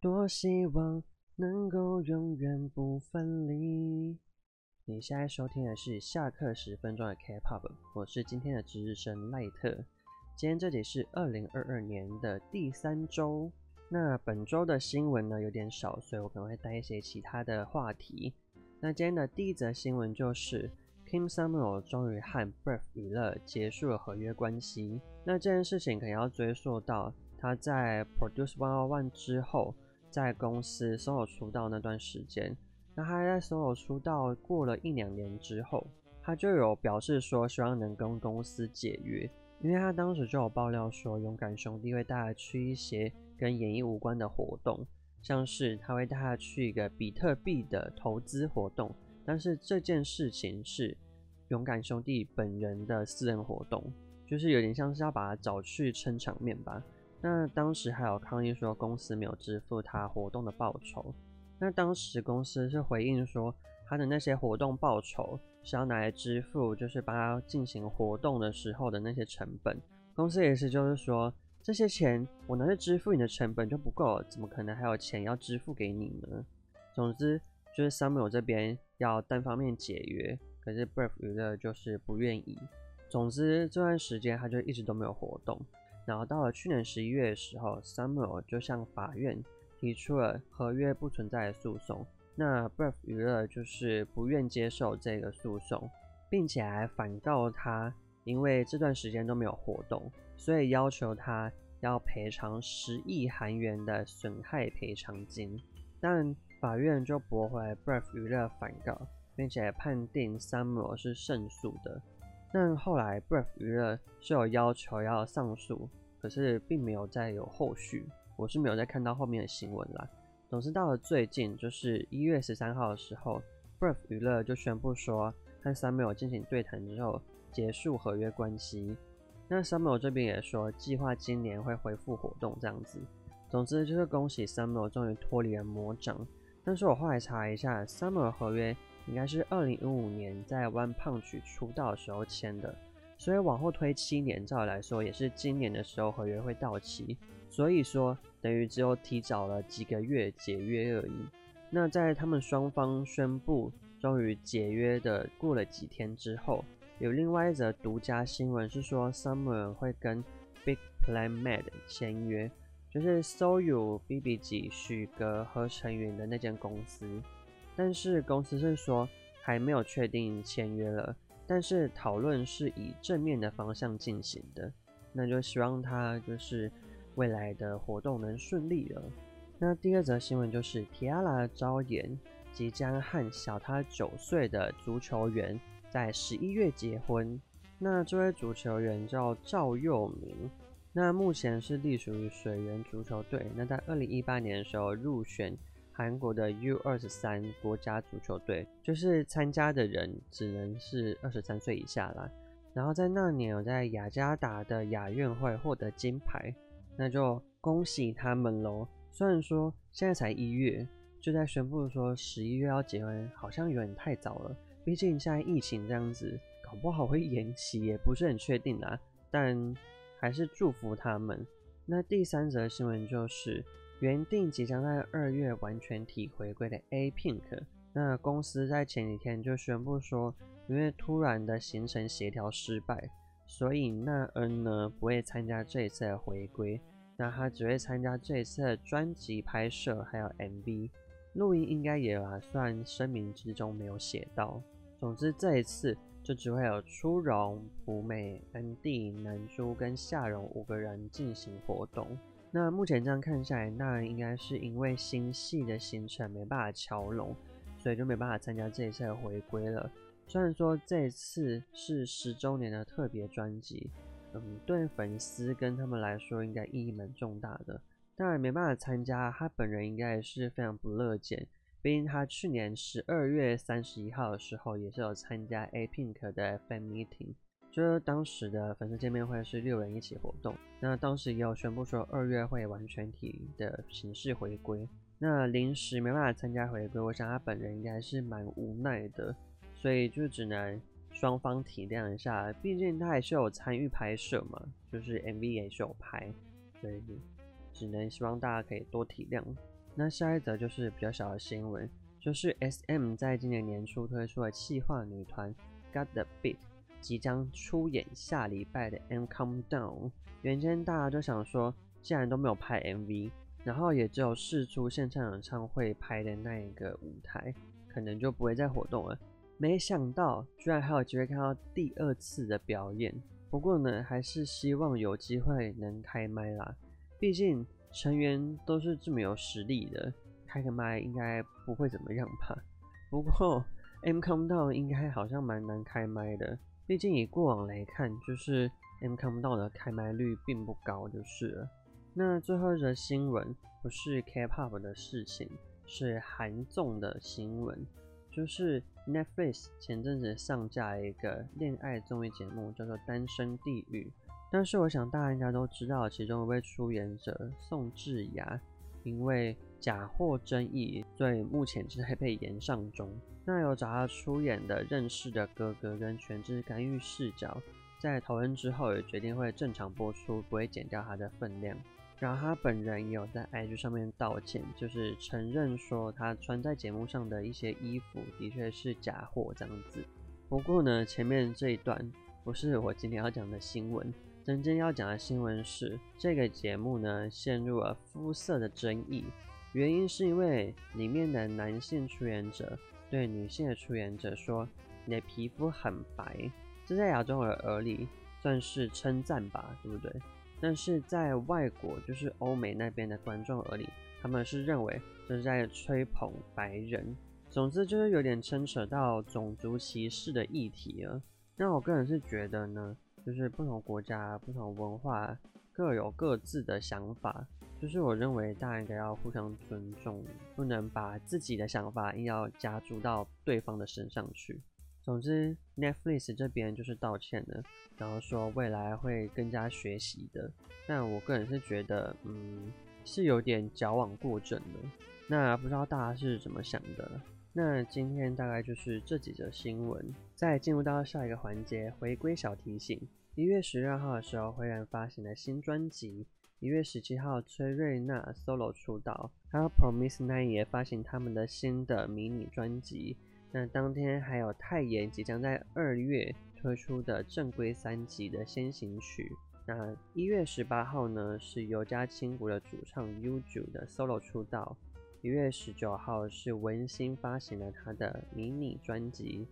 多希望能夠永遠不分離。你現在收聽的是下課十分鐘的 K-pop，我是今天的值日生賴特。今天這裡是二零二二年的第三周，那本周的新聞呢，有點少，所以我可能會帶一些其他的話題。那今天的第一則新聞就是 Kim Samuel 終於和 Brave 娛樂結束了合約關係。那這件事情可能要追溯到他在 Produce 101之後。在公司 SOLO 出道那段時間，那他在 SOLO 出道過了一兩年之後，他就有表示說希望能跟公司解約，因為他當時就有爆料說勇敢兄弟會帶他去一些跟演藝無關的活動，像是他會帶他去一個比特幣的投資活動，但是這件事情是勇敢兄弟本人的私人活動，就是有點像是要把他找去撐場面吧。那當時還有抗議說公司沒有支付他活動的報酬。那當時公司是回應說他的那些活動報酬是要拿來支付，就是幫他進行活動的時候的那些成本。公司也是就是說，這些錢我能去支付你的成本就不夠，怎麼可能還有錢要支付給你呢？總之就是 Samuel 這邊要單方面解約，可是 Brave 娛樂就是不願意。總之這段時間他就一直都沒有活動。然後到了去年十一月的時候，Samuel 就向法院提出了合約不存在的訴訟。那 Brave 娛樂就是不願接受這個訴訟，並且還反告他，因為這段時間都沒有活動，所以要求他要賠償十億韓元的損害賠償金。但法院就駁回 Brave 娛樂反告，並且判定 Samuel 是勝訴的。但後來，Brave 娛樂是有要求要上訴，可是並沒有再有後續，我是沒有再看到後面的新聞啦。總之到了最近，就是一月十三號的時候，Brave 娛樂就宣布說和 Samuel 進行對談之後結束合約關係。那 Samuel 這邊也說計劃今年會恢復活動這樣子。總之就是恭喜 Samuel 終於脫離了魔掌。但是我後來查了一下，Samuel 合約，應該是二零一五年在 One Punch 出道的時候簽的，所以往後推七年，照理來說也是今年的時候合約會到期，所以說等於只有提早了幾個月解約而已。那在他們雙方宣布終於解約的過了幾天之後，有另外一則獨家新聞是說 Summer 會跟 Big Planet Made 簽約，就是 So You B B G 許閣和成允的那間公司。但是公司是說還沒有確定簽約了，但是討論是以正面的方向進行的，那就希望他就是未來的活動能順利了。那第二則新聞就是提亞拉昭妍即將和小他九歲的足球員在十一月結婚。那這位足球員叫趙佑銘，那目前是隸屬於水原足球隊。那在二零一八年的時候入選。韓國的 U 二十三國家足球隊，就是參加的人只能是二十三歲以下啦。然後在那年，有在雅加達的亞運會獲得金牌，那就恭喜他們嘍。雖然說現在才一月，就在宣布說十一月要結婚，好像有點太早了。畢竟現在疫情這樣子，搞不好會延期，也不是很確定啦。但還是祝福他們。那第三則新聞就是。原定即將在二月完全體回歸的 A Pink，那公司在前幾天就宣布說，因為突然的行程協調失敗，所以娜恩呢不會參加這一次的回歸，那他只會參加這一次的專輯拍攝還有 MV 錄音應，應該也啊，雖然聲明之中沒有寫到。總之這一次就只會有初瓏、普美、恩地、南珠跟夏榮五個人進行活動。那目前這樣看下來，那應該是因為新戲的行程沒辦法喬攏，所以就沒辦法參加這一次的回歸了。雖然說這次是十周年的特別專輯，嗯，對粉絲跟他們來說應該意義蠻重大的，當然沒辦法參加，他本人應該也是非常不樂見，畢竟他去年十二月三十一號的時候也是有參加 A Pink 的 FM meeting。說當時的粉絲見面會是六人一起活動，那當時也有宣布說二月會完全體的形式回歸，那臨時沒辦法參加回歸，我想他本人應該是蠻無奈的，所以就只能雙方體諒一下，畢竟他也是有參與拍攝嘛，就是 MV 也是有拍，所以只能希望大家可以多體諒。那下一則就是比較小的新聞，就是 SM 在今年年初推出了企劃女團 GOT the beat，即將出演下禮拜的《M Countdown》，原先大家都想說，既然都沒有拍 MV，然後也只有釋出現場演唱會拍的那一個舞台，可能就不會再活動了。沒想到居然還有機會看到第二次的表演。不過呢，還是希望有機會能開麥啦，畢竟成員都是這麼有實力的，開個麥應該不會怎麼樣吧。不過《M Countdown》應該好像蠻難開麥的。畢竟以過往來看，就是 M Countdown 的開麥率並不高，就是了。那最後一則新聞不是 K Pop 的事情，是韓綜的新聞，就是 Netflix 前陣子上架了一個戀愛綜藝節目，叫做《單身地獄》。但是我想大家應該都知道，其中一位出演者宋智雅，因為。假貨爭議在目前正在被延上中，那有找他出演的《認識的哥哥》跟《全知干預視角》在討論之後也決定會正常播出，不會減掉他的分量。然後他本人也有在 I G 上面道歉，就是承認說他穿在節目上的一些衣服的確是假貨這樣子。不過呢，前面這一段不是我今天要講的新聞，真正要講的新聞是這個節目呢陷入了膚色的爭議。原因是因為裡面的男性出演者對女性的出演者說：“你的皮膚很白”，這在亞洲人耳裡算是稱讚吧，對不對？但是在外國，就是歐美那邊的觀眾耳裡，他們是認為這是在吹捧白人。總之就是有點牽扯到種族歧視的議題了。那我個人是覺得呢。就是不同國家、不同文化各有各自的想法。就是我認為大家應該要互相尊重，不能把自己的想法硬要加注到對方的身上去。總之，Netflix 這邊就是道歉了，然後說未來會更加學習的。但我個人是覺得，嗯，是有點矯枉過正的。那不知道大家是怎麼想的？那今天大概就是這幾則新聞，再進入到下一個環節，回歸小提醒：一月十六號的時候，輝人發行了新專輯；一月十七號，崔瑞娜 solo 出道；還有 Promise Nine 也發行他們的新的迷你專輯。那當天還有泰妍即將在二月推出的正規三輯的先行曲。那一月十八號呢，是尤佳清谷的主唱 Yuju 的 solo 出道。一月十九號是文心發行了他的迷你專輯，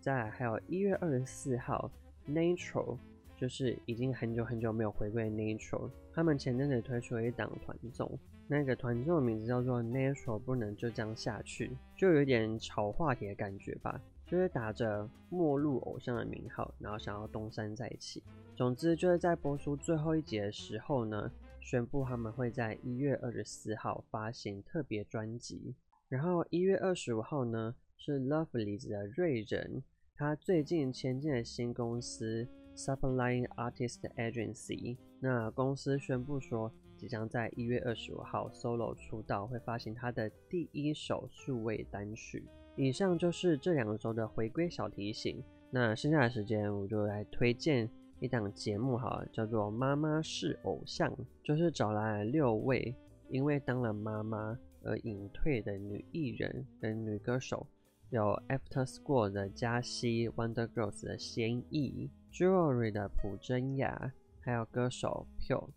再來還有一月二十四號，Nature 就是已經很久很久沒有回歸的 Nature。他們前陣子推出了一檔團綜，那個團綜的名字叫做 Nature 不能就這樣下去，就有點炒話題的感覺吧，就是打着末路偶像的名號，然後想要東山再起，總之就是在播出最後一集的時候呢，宣布他們會在一月二十四號發行特別專輯，然後一月二十五號呢，是 Lovelyz 的瑞仁，他最近簽進了新公司 Superline Artist Agency，那公司宣布說即將在一月二十五號 solo 出道，會發行他的第一首數位單曲。以上就是這兩周的回歸小提醒，那剩下的時間我就來推薦一檔節目哈，叫做《媽媽是偶像》，就是找來六位因為當了媽媽而隱退的女藝人跟女歌手，有 After School 的嘉熙、Wonder Girls 的先藝、Jewelry 的朴貞雅，還有歌手 Pure、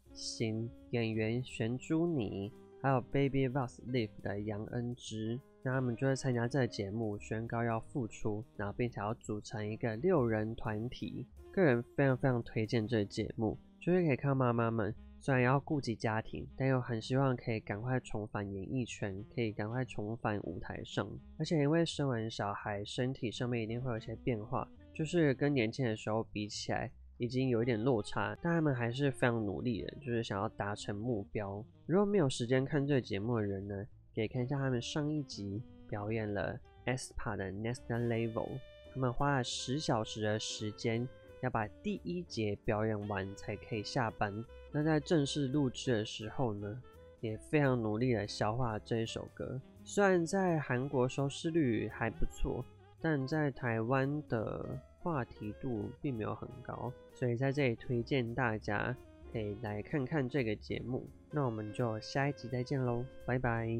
演員玄珠妮，還有 Baby Vos Live 的楊恩芝。那他們就會參加這個節目，宣告要復出，然後並且要組成一個六人團體。個人非常非常推薦這個節目，就是可以看到媽媽們雖然要顧及家庭，但又很希望可以趕快重返演藝圈，可以趕快重返舞台上。而且因為生完小孩，身體上面一定會有一些變化，就是跟年輕的時候比起來，已經有一點落差。但他們還是非常努力的，就是想要達成目標。如果沒有時間看這個節目的人呢？可以看一下他們上一集表演了 aespa 的 Next Level，他們花了十小時的時間要把第一節表演完才可以下班。那在正式錄製的時候呢，也非常努力的消化這一首歌。雖然在韓國收視率還不錯，但在台灣的話題度並沒有很高，所以在這裡推薦大家可以來看看這個節目。那我們就下一集再見嘍，拜拜。